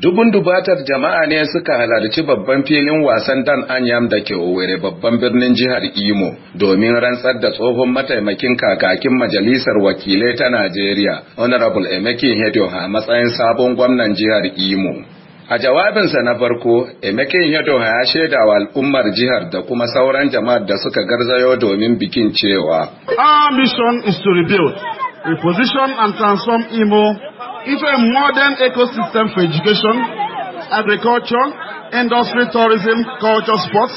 Dubun dubatar jama'a ne suka halarci babban filin wasan Dan Anyam da ke owere babban birnin jihar Imo domin rantsar da tsohon mataimakin kakakin majalisar wakilai ta Najeriya, Honorable Emekin Hedoha matsayin sabon gwamnan jihar Imo. A jawabinsa na farko, Emeke Hedoha ya shaida wa al'ummar jihar da kuma sauran jama'ar da suka garzayo domin bikin cewa. Our mission is to rebuild, reposition and transform Imo into a modern ecosystem for education, agriculture, industry, tourism, culture, sports,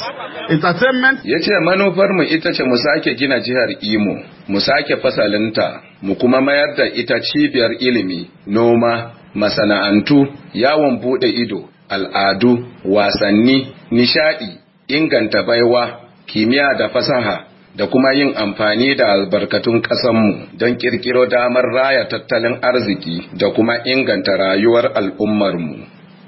entertainment. Ya ce manufarmu ita ce mu sake gina jihar Imo, mu sake fasalinta, mu kuma mayar da ita cibiyar ilimi, noma, masana'antu, yawon bude ido, al'adu, wasanni, nishadi, inganta baiwa, kimiyya da fasaha. da kuma yin amfani da albarkatun ƙasanmu don ƙirƙiro damar raya tattalin arziki da kuma inganta rayuwar al'ummarmu.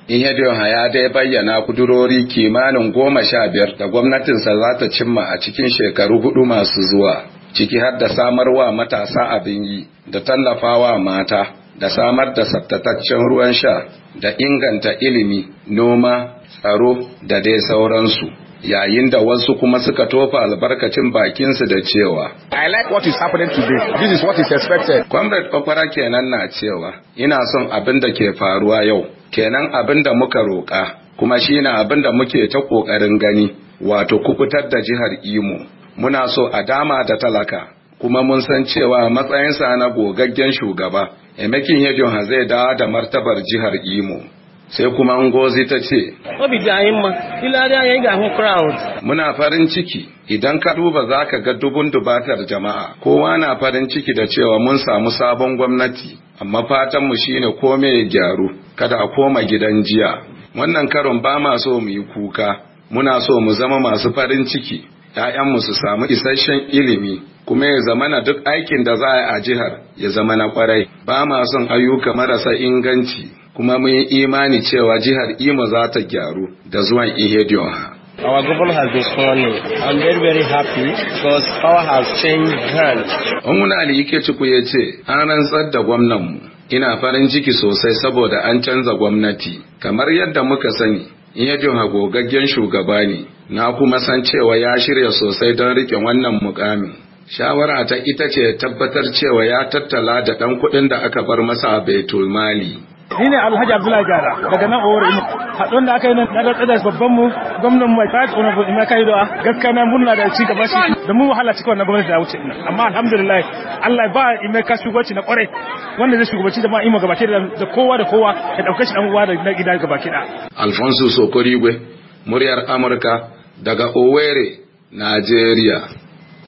Ihedin Haya dai bayyana kudurori kimanin goma sha biyar da gwamnatinsa za ta cimma a cikin shekaru hudu masu zuwa, ciki har da samar wa matasa abin yi da tallafawa mata da samar da saftataccen ruwan sha da inganta ilimi, noma, tsaro da dai sauransu. yayin da wasu kuma suka tofa albarkacin bakinsu da cewa I like what is happening today. This is what is expected. Comrade Okwara kenan na cewa ina son abin da ke faruwa yau kenan abin da muka roƙa kuma shi shine abin da muke ta ƙoƙarin gani wato kukutar da jihar Imo. Muna so a dama da talaka kuma mun san cewa matsayinsa na gogaggen shugaba Emekin Yejon zai dawo da martabar jihar Imo. sai kuma ngozi ta ce muna farin ciki idan ka duba za ka ga dubun dubatar jama'a kowa na farin ciki da cewa mun samu sabon gwamnati amma fatanmu shine kome ya gyaru kada a koma gidan jiya wannan karon ba ma so mu yi kuka muna so mu zama masu farin ciki ‘ya'yanmu su samu isasshen ilimi kuma ya zama na duk aikin da za a a jihar ya zama na kwarai ba ma son ayyuka marasa inganci kuma mun yi imani cewa jihar Imo za ta gyaru da zuwan Ihedion. Our government has been sworn in. I'm very very happy because power has changed hands. Ali yake ciku ya ce an rantsar da gwamnanmu. Ina farin ciki sosai saboda an canza gwamnati. Kamar yadda muka sani, Ihedion gogaggen shugaba ne. Na kuma san cewa ya shirya sosai don rike wannan mukamin. Shawara ta ita ce tabbatar cewa ya tattala da ɗan kuɗin da aka bar masa a Baitul Mali. ni ne alhaji abdullahi gara daga nan owar imu haɗon da aka yi na rantsar da babban mu gwamnan mai fayat honorable imaka yi doa ah, gaskiya na murna da ci gaba shi da mun wahala cikin wannan gwamnati da wuce ina amma alhamdulillah allah ba ka shugabanci na kwarai wanda zai shugabanci da ma ima gabaki da kowa da kowa ya ɗauke shi ɗan uwa da gida baki ɗaya. alfonso sokorigwe muryar amurka daga owerri najeriya